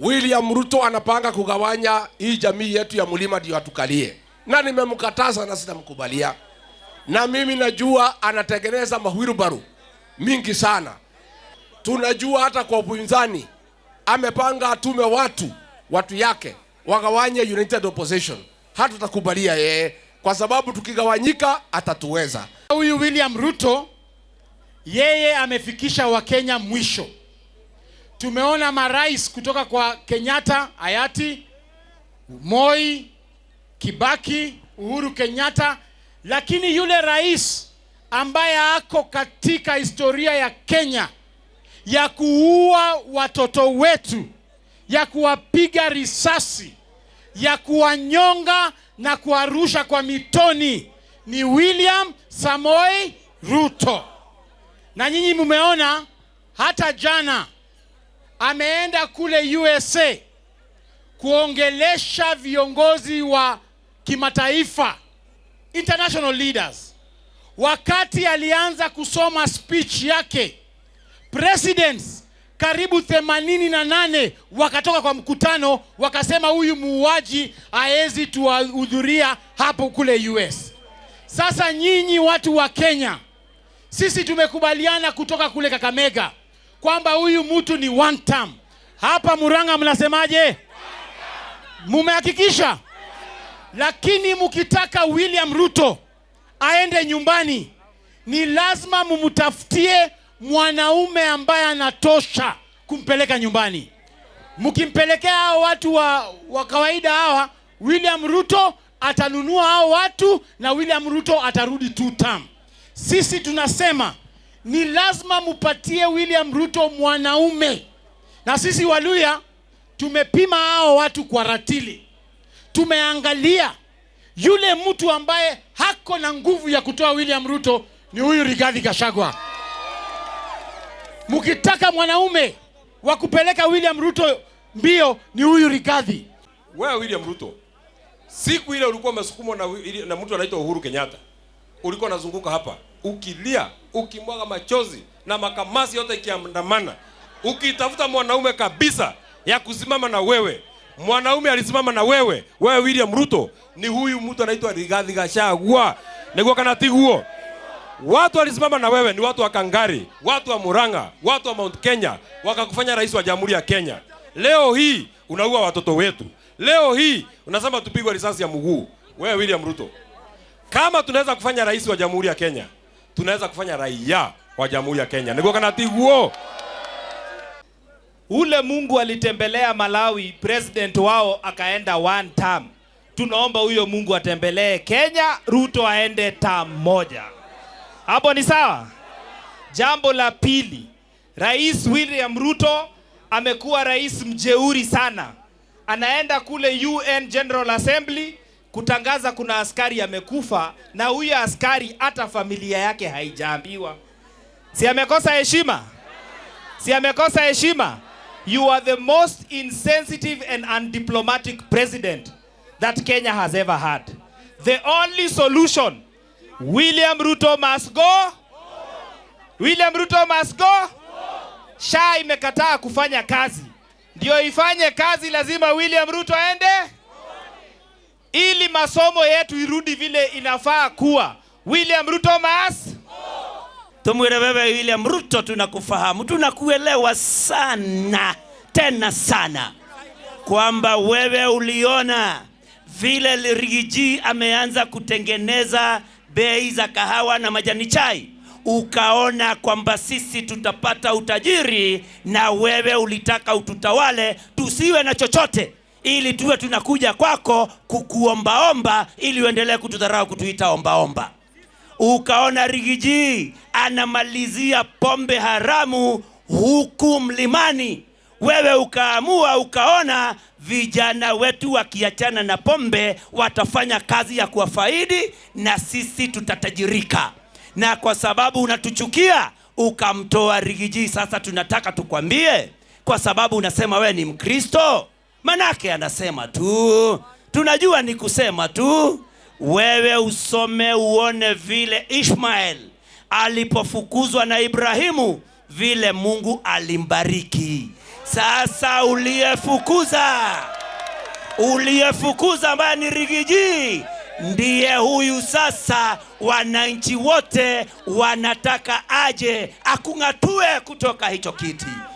William Ruto anapanga kugawanya hii jamii yetu ya mlima ndio atukalie, na nimemkataza na sitamkubalia. Na mimi najua anatengeneza mahwirubaru mingi sana, tunajua hata kwa upinzani amepanga atume watu watu yake wagawanye United Opposition. Hatutakubalia yeye kwa sababu tukigawanyika atatuweza. Huyu William Ruto yeye amefikisha Wakenya mwisho. Tumeona marais kutoka kwa Kenyatta hayati, Moi, Kibaki, Uhuru Kenyatta, lakini yule rais ambaye ako katika historia ya Kenya ya kuua watoto wetu, ya kuwapiga risasi, ya kuwanyonga na kuwarusha kwa mitoni ni William Samoei Ruto. Na nyinyi mmeona hata jana ameenda kule USA kuongelesha viongozi wa kimataifa, international leaders. Wakati alianza kusoma speech yake, presidents karibu 88 wakatoka kwa mkutano, wakasema huyu muuaji haezi tuwahudhuria hapo kule US. Sasa nyinyi watu wa Kenya, sisi tumekubaliana kutoka kule Kakamega kwamba huyu mtu ni one term. Hapa Murang'a mnasemaje? Mumehakikisha? Lakini mkitaka William Ruto aende nyumbani, ni lazima mumtafutie mwanaume ambaye anatosha kumpeleka nyumbani. Mkimpelekea hao watu wa, wa kawaida hawa, William Ruto atanunua hao watu na William Ruto atarudi two term. Sisi tunasema ni lazima mupatie William Ruto mwanaume, na sisi Waluya tumepima hao watu kwa ratili, tumeangalia yule mtu ambaye hako na nguvu ya kutoa William Ruto ni huyu Rigathi Gachagua. Mkitaka mwanaume wa kupeleka William Ruto mbio ni huyu Rigathi. Wewe William Ruto, siku ile ulikuwa umesukumwa na, na mtu anaitwa Uhuru Kenyatta, ulikuwa unazunguka hapa ukilia, ukimwaga machozi na makamasi yote ikiandamana, ukitafuta mwanaume kabisa ya kusimama na wewe, mwanaume alisimama na wewe, wewe William Ruto, ni huyu mtu anaitwa Rigathi Gachagua, niguo kana tiguo. Watu walisimama na wewe ni watu wa Kangari, watu wa Murang'a, watu wa Mount Kenya, wakakufanya rais wa Jamhuri ya Kenya. Leo hii unaua watoto wetu, leo hii unasema tupigwe risasi ya mguu. Wewe William Ruto, kama tunaweza kufanya rais wa Jamhuri ya Kenya tunaweza kufanya raia wa jamhuri ya Kenya niguo. Ule Mungu alitembelea Malawi, president wao akaenda one term. Tunaomba huyo Mungu atembelee Kenya, Ruto aende term moja. Hapo ni sawa. Jambo la pili, Rais William Ruto amekuwa rais mjeuri sana, anaenda kule UN General Assembly kutangaza kuna askari amekufa, na huyo askari hata familia yake haijaambiwa. Si amekosa heshima? Si amekosa heshima? You are the most insensitive and undiplomatic president that Kenya has ever had. The only solution, William Ruto must go. William Ruto must go. Sha imekataa kufanya kazi, ndio ifanye kazi, lazima William Ruto aende ili masomo yetu irudi vile inafaa kuwa. William Ruto mas tumwire wewe William Ruto, tunakufahamu, tunakuelewa sana tena sana, kwamba wewe uliona vile Rigiji ameanza kutengeneza bei za kahawa na majani chai, ukaona kwamba sisi tutapata utajiri, na wewe ulitaka ututawale tusiwe na chochote ili tuwe tunakuja kwako kukuombaomba, ili uendelee kutudharau, kutuita ombaomba. Ukaona Rigiji anamalizia pombe haramu huku mlimani, wewe ukaamua, ukaona vijana wetu wakiachana na pombe watafanya kazi ya kuwafaidi, na sisi tutatajirika. Na kwa sababu unatuchukia ukamtoa Rigiji, sasa tunataka tukwambie, kwa sababu unasema wewe ni Mkristo Manake anasema tu, tunajua ni kusema tu. Wewe usome uone vile Ishmael alipofukuzwa na Ibrahimu, vile Mungu alimbariki. Sasa uliyefukuza, uliyefukuza ambaye ni Rigiji ndiye huyu sasa. Wananchi wote wanataka aje akung'atue kutoka hicho kiti.